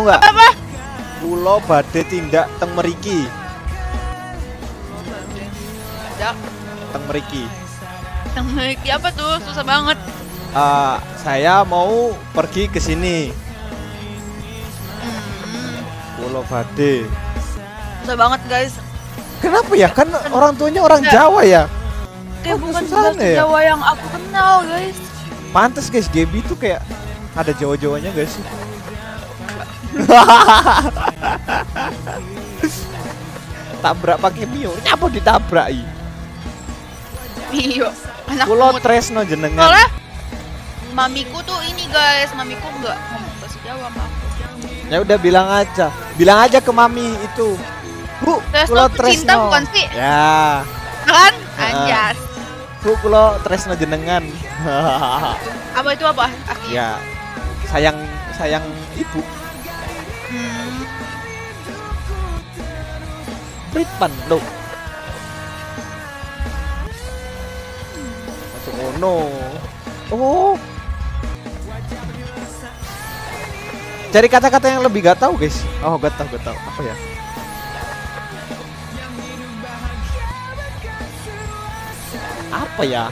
enggak? Apa? Kulo badhe tindak teng meriki. teng meriki. Teng meriki apa tuh? Susah banget. Uh, saya mau pergi ke sini. Hmm. Kulo badhe. Susah banget, guys. Kenapa ya? Kan, kan orang tuanya orang Nggak. Jawa ya. Kayak oh, bukan ya? Jawa yang aku kenal, guys. Pantes guys, Gaby itu kayak ada Jawa-Jawanya guys. tabrak pakai mio nyapa ditabrak i mio anak kulo tresno jenengan soalnya mamiku tuh ini guys mamiku nggak ya udah bilang aja bilang aja ke mami itu bu kulo tresno cinta bukan sih ya kan anjas bu kulo tresno jenengan apa itu apa ya sayang sayang ibu hmm. Brit Bandung masuk Ono oh cari kata-kata yang lebih gak tahu guys oh gak tahu gak tahu apa ya apa ya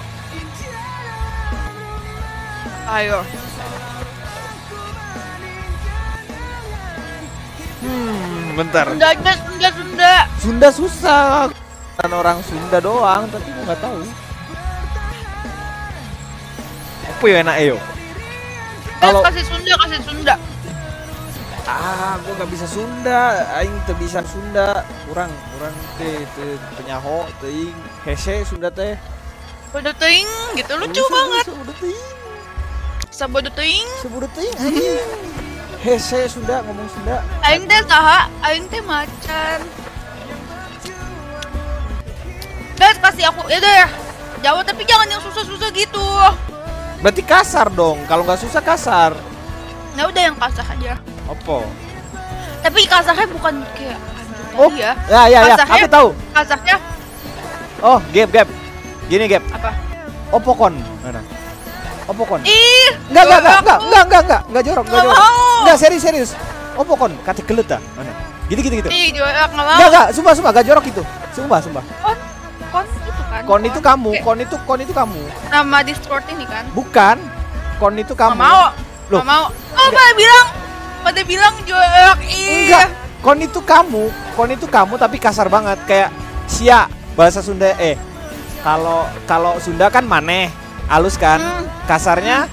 ayo Hmm, bentar. Sunda aja, Sunda, Sunda. Sunda susah. Dan orang Sunda doang, tapi gue nggak tahu. Apa yang enak yo? Kalau kasih Sunda, kasih Sunda. Ah, gue nggak bisa Sunda. Aing tuh bisa Sunda. Kurang, kurang teh teh penyaho teh hehe, Sunda teh. Bodoh teing, gitu lucu banget. Bodoh teuing. Sabodoh teing. Sabodoh teuing Hese eh, Sunda ngomong Sunda. Aing teh saha? Aing teh macan. Guys kasih aku ya ya. Jawa tapi jangan yang susah-susah gitu. Berarti kasar dong. Kalau nggak susah kasar. Ya udah yang kasar aja. Oppo. Tapi kasarnya bukan kayak Oh ya. Ya ya ya. Kasarnya, aku tahu. Kasarnya. Oh, gap gap. Gini gap. Apa? Oppo kon. Mana? Opo kon? Ih, enggak enggak enggak enggak enggak enggak enggak enggak jorok enggak jorok. Enggak serius serius. Opo kon? Kata gelut dah, Mana? Gitu gitu gitu. Ih, jorok enggak mau. Enggak enggak, sumpah sumpah enggak jorok itu. Sumpah sumpah. Kon kon itu kan. Kon, kon itu kamu, okay. kon itu kon itu kamu. Nama Discord ini kan? Bukan. Kon itu kamu. Nggak mau. Loh. Nggak mau. Oh, pada bilang pada bilang jorok. Ih. Enggak. Kon itu kamu, kon itu kamu tapi kasar banget kayak sia bahasa Sunda eh kalau kalau Sunda kan maneh halus kan hmm. kasarnya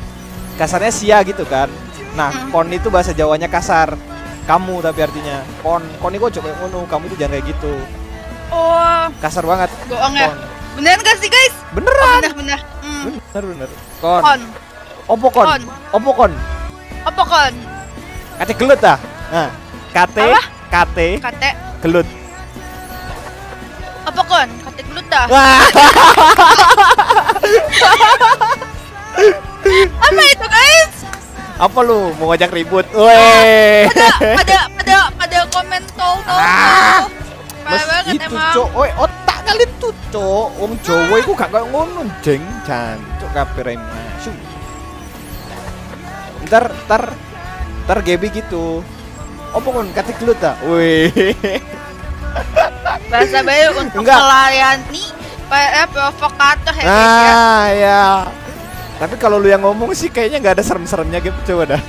kasarnya sia gitu kan nah hmm. kon itu bahasa jawanya kasar kamu tapi artinya kon kon itu coba ngono kamu itu jangan kayak gitu oh kasar banget bohong ya beneran gak sih guys beneran oh, bener bener hmm. bener bener kon kon opo kon opo kon opo kon kate gelut ah nah kate kate kate gelut apa kon? kata gelut dah. Apa itu guys? Apa lu mau ngajak ribut? Weh. Pada pada pada pada komen tol tol. Ah. Mas itu cok, oi otak kali tuh cok. Wong Jawa ah. iku gak koyo ngono, jeng. Jancuk kabeh masu. Ntar ntar ntar Gaby gitu. Apa kon katik lu tak? Weh. bahasa baru untuk Enggak. melayani para eh, provokator ya, ya. ah ya tapi kalau lu yang ngomong sih kayaknya nggak ada serem-seremnya gitu coba dah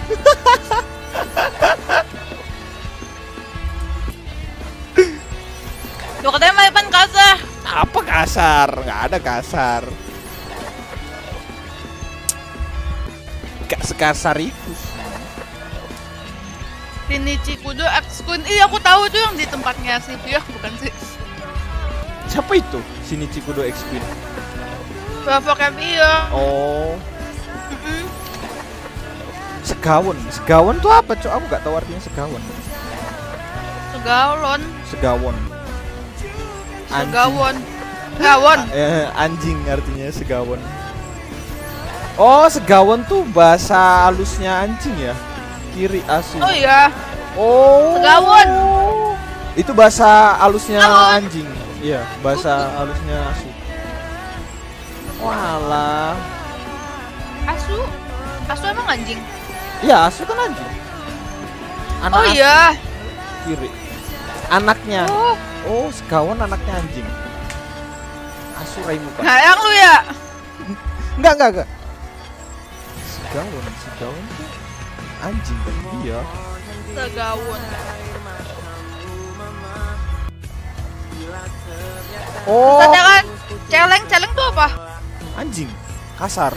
lu katanya Maipan kasar apa kasar nggak ada kasar Gak sekasar itu Shinichi Kudo X eh, Queen. Iya aku tahu itu yang di tempatnya si Piyok bukan sih? Siapa itu? Shinichi Kudo X Kun. Bapaknya Piyok. Oh. Segawon, segawon tuh apa cok? Aku gak tahu artinya segawon. Segawon. Segawon. Segawon. Segawon. Eh, anjing artinya segawon. Oh, segawon tuh bahasa halusnya anjing ya? kiri asu. Oh iya. Oh. Segawon. Itu bahasa alusnya anjing. Iya, bahasa Kuku. halusnya asu. Walah. Asu. Asu emang anjing? Iya, asu kan anjing. Anak oh asu. iya. Kiri. Anaknya. Oh. oh, segawon anaknya anjing. Asu raimu kan. Nah, yang lu ya. enggak, enggak, enggak. Segawon, segawon tuh anjing iya segawon oh Tanda kan celeng celeng tuh apa anjing kasar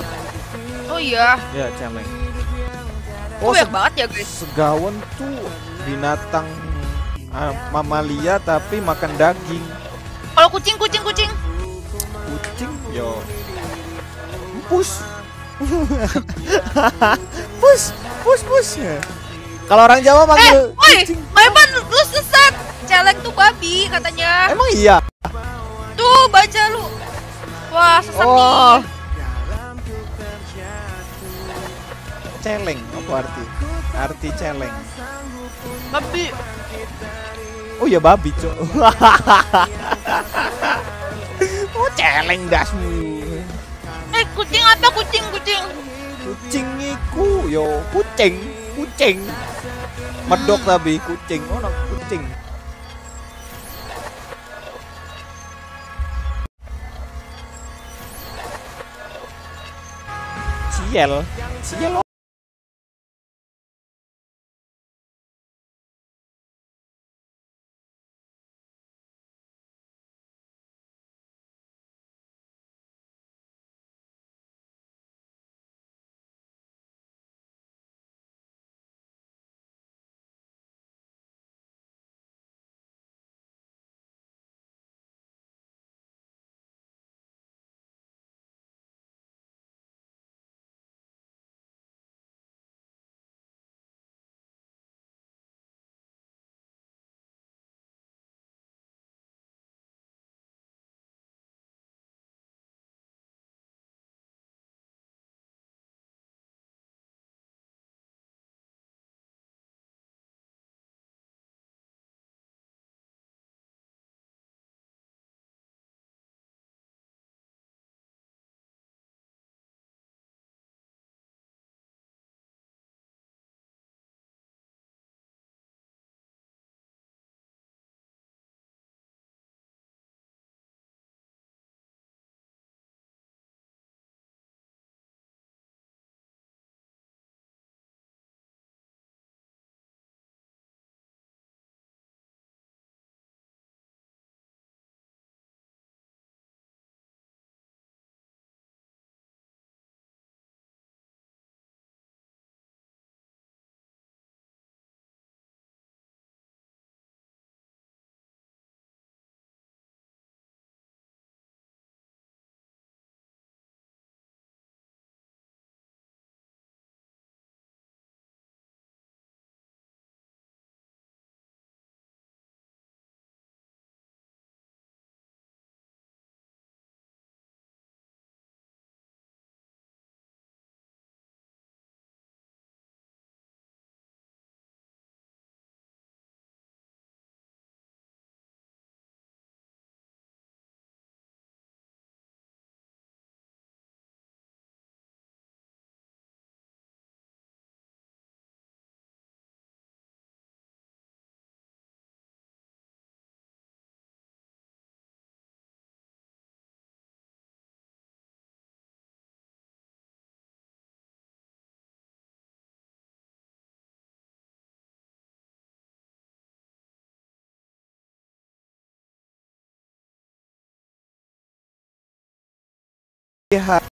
oh iya ya celeng oh banyak banget ya guys segawon tuh binatang uh, mamalia tapi makan daging kalau kucing kucing kucing kucing yo push push bus bus ya. Kalau orang Jawa manggil. Eh, woi, Maiman lu sesat. Celek tuh babi katanya. Emang iya. Tuh baca lu. Wah sesat oh. nih. Celeng apa arti? Arti celeng. Babi. Oh ya babi cok. oh celeng dasmu. Eh kucing apa kucing kucing? kucing iku yo ya kucing kucing medok tapi kucing oh no, kucing sial sial lihat